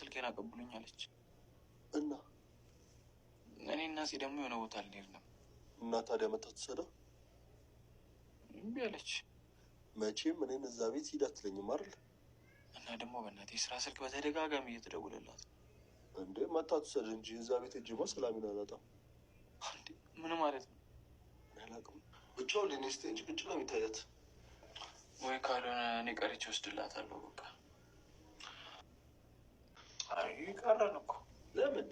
ስልኬን አቀብሉኝ አለች እና እኔ እና ደግሞ የሆነ ቦታ ልሄድ ነው እና ታዲያ መታ ትሰዳ እምቢ አለች። መቼም እኔን እዛ ቤት ሂድ አትለኝም አይደል? እና ደግሞ በእናቴ ስራ ስልክ በተደጋጋሚ እየተደውለላት እንዴ መታ ትሰድ እንጂ እዛ ቤት እጅማ ሰላሚን አላጣም። ምን ማለት ነው? አላውቅም ብቻው ሊኔስቴ እንጂ ብቻ ነው የሚታያት ወይ ካልሆነ እኔ ቀርቼ ወስድላታለሁ በቃ ቀረን እኮ ለምን?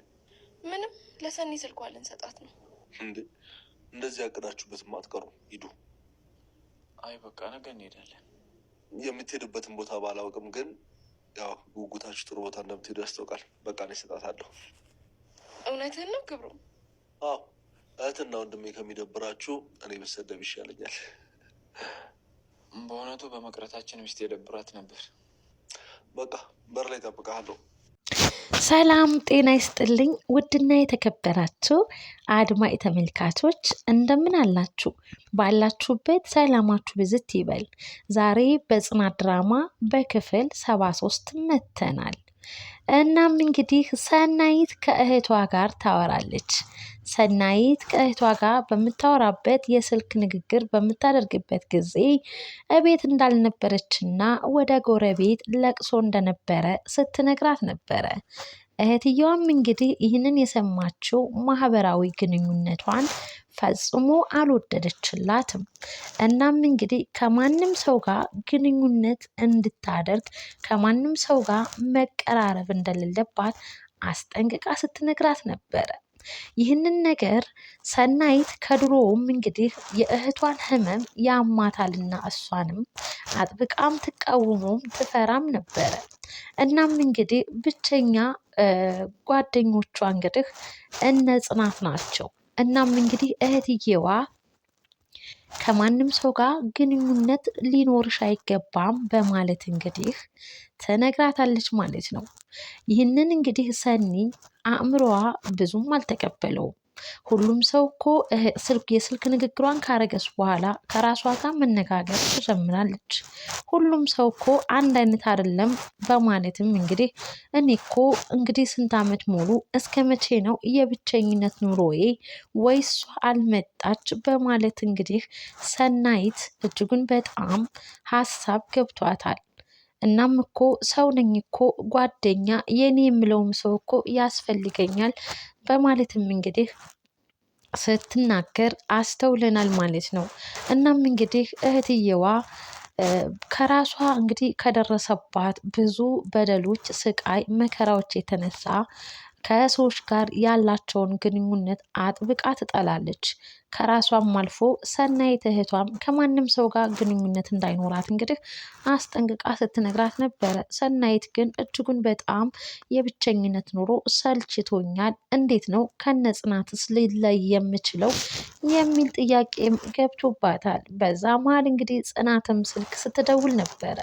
ምንም ለሰኒ ስልኳ ልንሰጣት ነው እንዴ? እንደዚህ ያቅዳችሁበት ማትቀሩ ሂዱ። አይ በቃ ነገ እንሄዳለን። የምትሄዱበትን ቦታ ባላውቅም ግን ያው ጉጉታችሁ ጥሩ ቦታ እንደምትሄዱ ያስታውቃል። በቃ እኔ እሰጣታለሁ። እውነትህን ነው ክብሩ? አዎ እህትና ወንድሜ ከሚደብራችሁ እኔ መሰደብ ይሻለኛል። በእውነቱ በመቅረታችን ሚስት የደብራት ነበር። በቃ በር ላይ ጠብቃለሁ። ሰላም ጤና ይስጥልኝ። ውድና የተከበራችሁ አድማጭ ተመልካቾች እንደምን አላችሁ? ባላችሁበት ሰላማችሁ ብዝት ይበል። ዛሬ በጽናት ድራማ በክፍል ሰባ ሶስት መተናል። እናም እንግዲህ ሰናይት ከእህቷ ጋር ታወራለች። ሰናይት ከእህቷ ጋር በምታወራበት የስልክ ንግግር በምታደርግበት ጊዜ እቤት እንዳልነበረችና ወደ ጎረቤት ለቅሶ እንደነበረ ስትነግራት ነበረ። እህትየዋም እንግዲህ ይህንን የሰማችው ማህበራዊ ግንኙነቷን ፈጽሞ አልወደደችላትም። እናም እንግዲህ ከማንም ሰው ጋር ግንኙነት እንድታደርግ ከማንም ሰው ጋር መቀራረብ እንደሌለባት አስጠንቅቃ ስትነግራት ነበረ። ይህንን ነገር ሰናይት ከድሮውም እንግዲህ የእህቷን ህመም ያማታልና እሷንም አጥብቃም ትቃወሞም ትፈራም ነበረ። እናም እንግዲህ ብቸኛ ጓደኞቿ እንግዲህ እነ ጽናት ናቸው። እናም እንግዲህ እህትዬዋ ከማንም ሰው ጋር ግንኙነት ሊኖርሽ አይገባም በማለት እንግዲህ ተነግራታለች ማለት ነው። ይህንን እንግዲህ ሰኒ አእምሮዋ ብዙም አልተቀበለውም። ሁሉም ሰው እኮ የስልክ ንግግሯን ካረገች በኋላ ከራሷ ጋር መነጋገር ትጀምራለች። ሁሉም ሰው እኮ አንድ አይነት አይደለም። በማለትም እንግዲህ እኔ እኮ እንግዲህ ስንት ዓመት ሙሉ እስከ መቼ ነው የብቸኝነት ኑሮዬ ወይሷ አልመጣች በማለት እንግዲህ ሰናይት እጅጉን በጣም ሀሳብ ገብቷታል። እናም እኮ ሰው ነኝ እኮ ጓደኛ የኔ የምለውም ሰው እኮ ያስፈልገኛል በማለትም እንግዲህ ስትናገር አስተውለናል ማለት ነው። እናም እንግዲህ እህትየዋ ከራሷ እንግዲህ ከደረሰባት ብዙ በደሎች፣ ስቃይ፣ መከራዎች የተነሳ ከሰዎች ጋር ያላቸውን ግንኙነት አጥብቃ ትጠላለች። ከራሷም አልፎ ሰናይት እህቷም ከማንም ሰው ጋር ግንኙነት እንዳይኖራት እንግዲህ አስጠንቅቃ ስትነግራት ነበረ። ሰናይት ግን እጅጉን በጣም የብቸኝነት ኑሮ ሰልችቶኛል፣ እንዴት ነው ከነጽናትስ ሊለይ የምችለው የሚል ጥያቄም ገብቶባታል። በዛ መሀል እንግዲህ ጽናትም ስልክ ስትደውል ነበረ።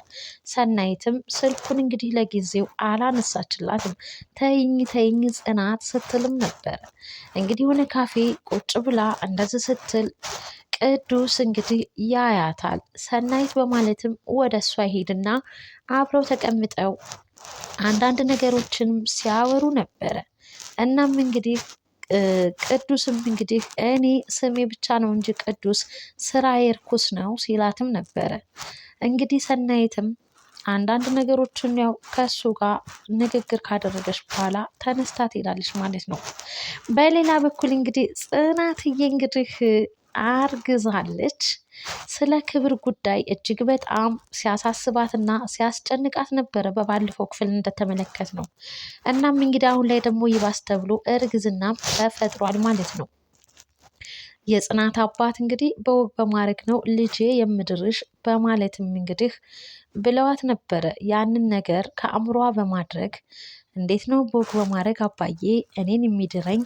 ሰናይትም ስልኩን እንግዲህ ለጊዜው አላነሳችላትም። ተይኝ ተይኝ ጽናት ስትልም ነበረ። እንግዲህ የሆነ ካፌ ቁጭ ብላ እንደዚህ ስትል ቅዱስ እንግዲህ ያያታል። ሰናይት በማለትም ወደ እሷ ሄድና አብረው ተቀምጠው አንዳንድ ነገሮችንም ሲያወሩ ነበረ። እናም እንግዲህ ቅዱስም እንግዲህ እኔ ስሜ ብቻ ነው እንጂ ቅዱስ ስራ የርኩስ ነው ሲላትም ነበረ። እንግዲህ ሰናይትም አንዳንድ ነገሮችን ያው ከእሱ ጋር ንግግር ካደረገች በኋላ ተነስታ ትሄዳለች ማለት ነው። በሌላ በኩል እንግዲህ ጽናትዬ እንግዲህ አርግዛለች። ስለ ክብር ጉዳይ እጅግ በጣም ሲያሳስባትና ሲያስጨንቃት ነበረ በባለፈው ክፍል እንደተመለከት ነው። እናም እንግዲህ አሁን ላይ ደግሞ ይባስ ተብሎ እርግዝናም ተፈጥሯል ማለት ነው። የጽናት አባት እንግዲህ በወግ በማድረግ ነው ልጄ የምድርሽ በማለትም እንግዲህ ብለዋት ነበረ። ያንን ነገር ከአእምሯ በማድረግ እንዴት ነው በወግ በማድረግ አባዬ እኔን የሚድረኝ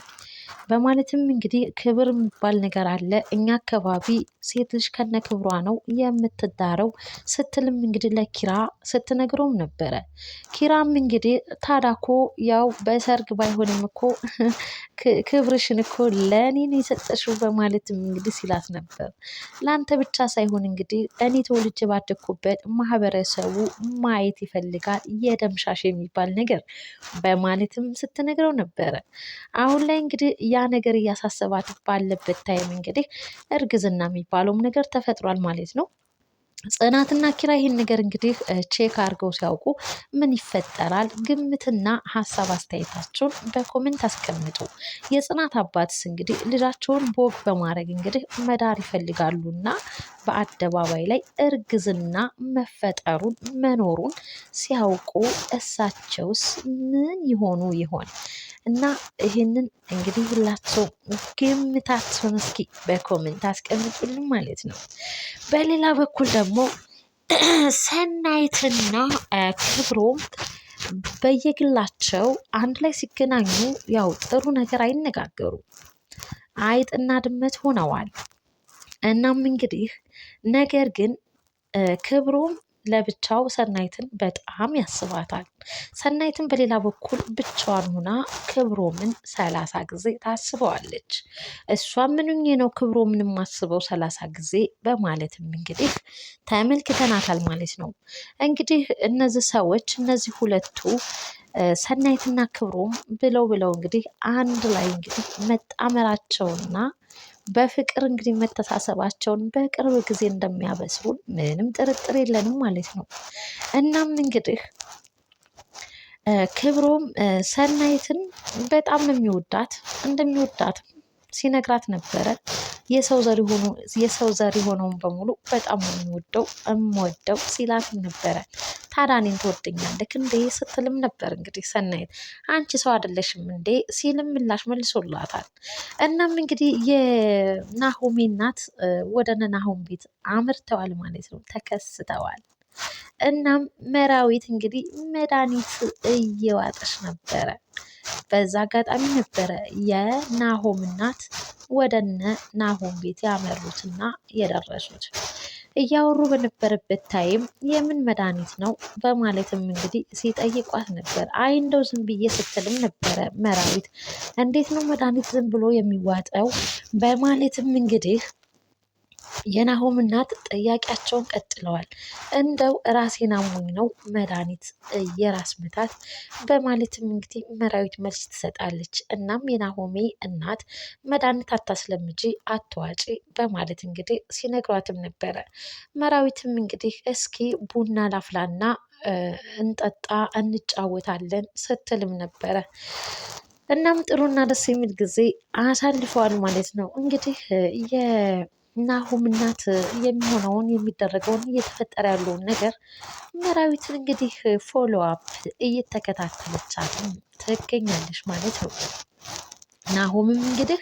በማለትም እንግዲህ ክብር የሚባል ነገር አለ። እኛ አካባቢ ሴት ልጅ ከነ ክብሯ ነው የምትዳረው ስትልም እንግዲህ ለኪራ ስትነግረውም ነበረ። ኪራም እንግዲህ ታዳኮ ያው በሰርግ ባይሆንም እኮ ክብርሽን እኮ ለእኔን የሰጠሽው በማለትም እንግዲህ ሲላት ነበር። ለአንተ ብቻ ሳይሆን እንግዲህ እኔ ተወልጄ ባደግኩበት ማህበረሰቡ ማየት ይፈልጋል የደምሻሽ የሚባል ነገር በማለትም ስትነግረው ነበረ። አሁን ላይ እንግዲህ ያ ነገር እያሳሰባት ባለበት ታይም እንግዲህ እርግዝና የሚባለውም ነገር ተፈጥሯል ማለት ነው። ጽናትና ኪራ ይህን ነገር እንግዲህ ቼክ አድርገው ሲያውቁ ምን ይፈጠራል? ግምትና ሀሳብ አስተያየታችሁን በኮሜንት አስቀምጡ። የጽናት አባትስ እንግዲህ ልጃቸውን ቦብ በማድረግ እንግዲህ መዳር ይፈልጋሉና በአደባባይ ላይ እርግዝና መፈጠሩን መኖሩን ሲያውቁ እሳቸውስ ምን ይሆኑ ይሆን? እና ይህንን እንግዲህ ሁላቸው ግምታቸውን እስኪ በኮሜንት አስቀምጡልን ማለት ነው። በሌላ በኩል ደግሞ ሰናይትና ክብሮም በየግላቸው አንድ ላይ ሲገናኙ ያው ጥሩ ነገር አይነጋገሩም። አይጥና ድመት ሆነዋል። እናም እንግዲህ ነገር ግን ክብሮም ለብቻው ሰናይትን በጣም ያስባታል። ሰናይትን በሌላ በኩል ብቻዋን ሆና ክብሮምን ሰላሳ ጊዜ ታስበዋለች። እሷ ምንኝ ነው ክብሮምን የማስበው ሰላሳ ጊዜ በማለትም እንግዲህ ተመልክተናታል ማለት ነው። እንግዲህ እነዚህ ሰዎች እነዚህ ሁለቱ ሰናይትና ክብሮም ብለው ብለው እንግዲህ አንድ ላይ እንግዲህ መጣመራቸውና በፍቅር እንግዲህ መተሳሰባቸውን በቅርብ ጊዜ እንደሚያበስሩን ምንም ጥርጥር የለንም ማለት ነው። እናም እንግዲህ ክብሮም ሰናይትን በጣም ነው የሚወዳት እንደሚወዳትም ሲነግራት ነበረ። የሰው ዘር የሆነውን በሙሉ በጣም የሚወደው እምወደው ሲላት ነበረ። ታዲያ እኔን ትወደኛለህ እንዴ ስትልም ነበር እንግዲህ ሰናይት አንቺ ሰው አይደለሽም እንዴ ሲልም ምላሽ መልሶላታል። እናም እንግዲህ የናሆሜ እናት ወደ ነናሆም ቤት አምርተዋል ማለት ነው ተከስተዋል። እናም መራዊት እንግዲህ መድኃኒቱ እየዋጠች ነበረ። በዛ አጋጣሚ ነበረ የናሆም እናት ወደነ ናሆም ቤት ያመሩትና የደረሱት። እያወሩ በነበረበት ታይም የምን መድኃኒት ነው በማለትም እንግዲህ ሲጠይቋት ነበር። አይ እንደው ዝም ብዬ ስትልም ነበረ መራዊት። እንዴት ነው መድኃኒት ዝም ብሎ የሚዋጠው? በማለትም እንግዲህ የናሆም እናት ጥያቄያቸውን ቀጥለዋል። እንደው ራሴን አሞኝ ነው መድኃኒት የራስ ምታት በማለትም እንግዲህ መራዊት መልስ ትሰጣለች። እናም የናሆሜ እናት መድኃኒት አታስለምጂ አትዋጪ በማለት እንግዲህ ሲነግሯትም ነበረ። መራዊትም እንግዲህ እስኪ ቡና ላፍላና እንጠጣ እንጫወታለን ስትልም ነበረ። እናም ጥሩና ደስ የሚል ጊዜ አሳልፈዋል ማለት ነው እንግዲህ ናሁም እናት የሚሆነውን የሚደረገውን እየተፈጠረ ያለውን ነገር መራዊትን እንግዲህ ፎሎ አፕ እየተከታተለቻት ትገኛለች ማለት ነው። ናሁምም እንግዲህ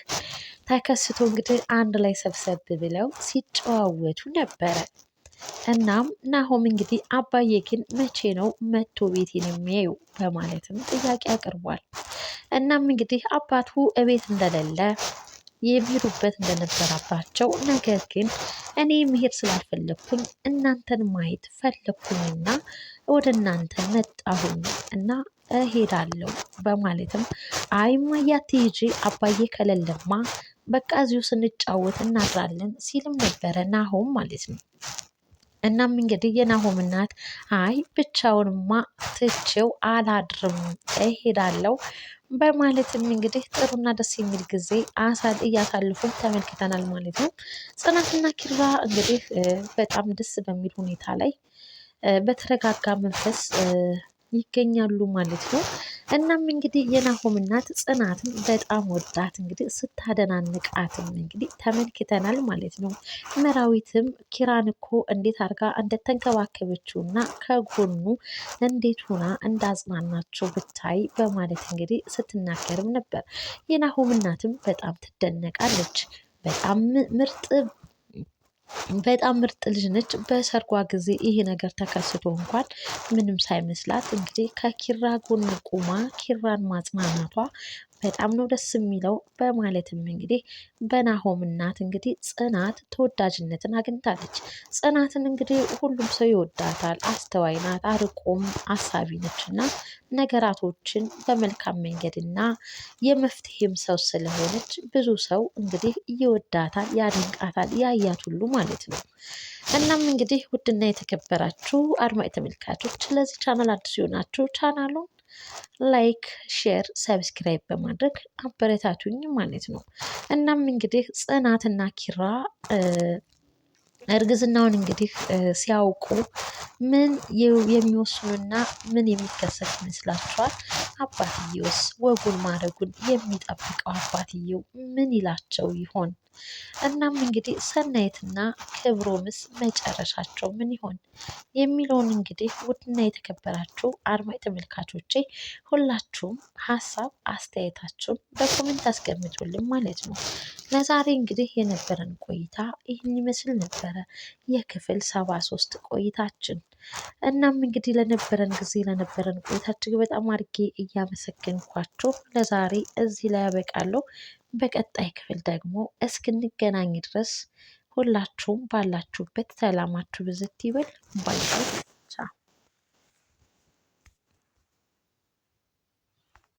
ተከስቶ እንግዲህ አንድ ላይ ሰብሰብ ብለው ሲጨዋወቱ ነበረ። እናም ናሆም እንግዲህ አባዬ ግን መቼ ነው መቶ ቤቴን የሚያዩ በማለትም ጥያቄ አቅርቧል። እናም እንግዲህ አባቱ እቤት እንደሌለ የሚሄዱበት እንደነበረባቸው ነገር ግን እኔ መሄድ ስላልፈለግኩኝ እናንተን ማየት ፈለግኩኝና ወደ እናንተ መጣሁኝ እና እሄዳለሁ በማለትም አይ እማዬ አትሄጂ፣ አባዬ ከሌለማ በቃ እዚሁ ስንጫወት እናድራለን ሲልም ነበረ ናሆም ማለት ነው። እናም እንግዲህ የናሆም እናት አይ ብቻውንማ ትቼው አላድርም እሄዳለሁ በማለትም እንግዲህ ጥሩና ደስ የሚል ጊዜ አሳል እያሳለፉ ተመልክተናል ማለት ነው። ጽናትና ኪራ እንግዲህ በጣም ደስ በሚል ሁኔታ ላይ በተረጋጋ መንፈስ ይገኛሉ ማለት ነው። እናም እንግዲህ የናሆም እናት ጽናትን በጣም ወዳት እንግዲህ ስታደናንቃትም እንግዲህ ተመልክተናል ማለት ነው። መራዊትም ኪራን እኮ እንዴት አድርጋ እንደተንከባከበችው እና ከጎኑ እንዴት ሆና እንዳጽናናቸው ብታይ በማለት እንግዲህ ስትናገርም ነበር። የናሆም እናትም በጣም ትደነቃለች። በጣም ምርጥ በጣም ምርጥ ልጅ ነች። በሰርጓ ጊዜ ይሄ ነገር ተከስቶ እንኳን ምንም ሳይመስላት እንግዲህ ከኪራ ጎን ቁማ ኪራን ማጽናናቷ በጣም ነው ደስ የሚለው በማለትም እንግዲህ በናሆም እናት እንግዲህ ጽናት ተወዳጅነትን አግኝታለች። ጽናትን እንግዲህ ሁሉም ሰው ይወዳታል። አስተዋይ ናት፣ አርቆም አሳቢ ነች እና ነገራቶችን በመልካም መንገድና የመፍትሄም ሰው ስለሆነች ብዙ ሰው እንግዲህ ይወዳታል፣ ያደንቃታል፣ ያያት ሁሉ ማለት ነው። እናም እንግዲህ ውድና የተከበራችሁ አድማጭ ተመልካቾች ለዚህ ቻናል አዲስ የሆናችሁ ቻናሉን ላይክ፣ ሼር፣ ሰብስክራይብ በማድረግ አበረታቱኝ ማለት ነው። እናም እንግዲህ ጽናትና ኪራ እርግዝናውን እንግዲህ ሲያውቁ ምን የሚወስኑና ምን የሚከሰት ይመስላችኋል? አባትየውስ ወጉን ማረጉን የሚጠብቀው አባትየው ምን ይላቸው ይሆን? እናም እንግዲህ ሰናይትና ክብሮምስ መጨረሻቸው ምን ይሆን የሚለውን እንግዲህ ውድና የተከበራችሁ አድማጭ ተመልካቾቼ ሁላችሁም ሀሳብ አስተያየታችሁን በኮሜንት አስቀምጡልን ማለት ነው። ለዛሬ እንግዲህ የነበረን ቆይታ ይህን ይመስል ነበረ የክፍል ሰባ ሶስት ቆይታችን። እናም እንግዲህ ለነበረን ጊዜ ለነበረን ቆይታችን በጣም አድርጌ እያመሰገንኳችሁ ለዛሬ እዚህ ላይ ያበቃለሁ። በቀጣይ ክፍል ደግሞ እስክንገናኝ ድረስ ሁላችሁም ባላችሁበት ሰላማችሁ ብዝት ይበል ባይ